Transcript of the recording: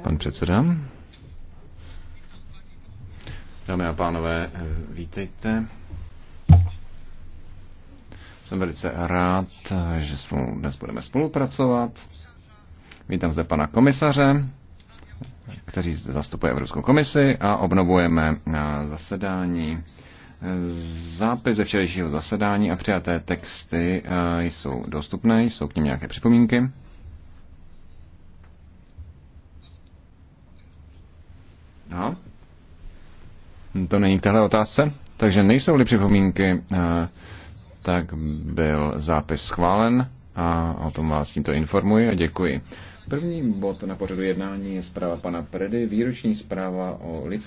Pan předseda. Dámy a pánové, vítejte. Jsem velice rád, že spolu, dnes budeme spolupracovat. Vítám zde pana komisaře, který zde zastupuje Evropskou komisi a obnovujeme eh, zasedání. Zápis ze včerejšího zasedání a přijaté texty eh, jsou dostupné, jsou k nim nějaké připomínky. No. To není k téhle otázce. Takže nejsou-li připomínky, eh, tak byl zápis schválen a o tom vás tímto informuji a děkuji. První bod na pořadu jednání je zpráva pana Predy, výroční zpráva o lidských